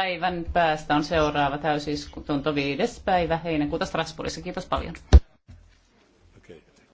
päivän päästä on seuraava täysistunto 5. päivä heinäkuuta Strasbourgissa. Kiitos paljon.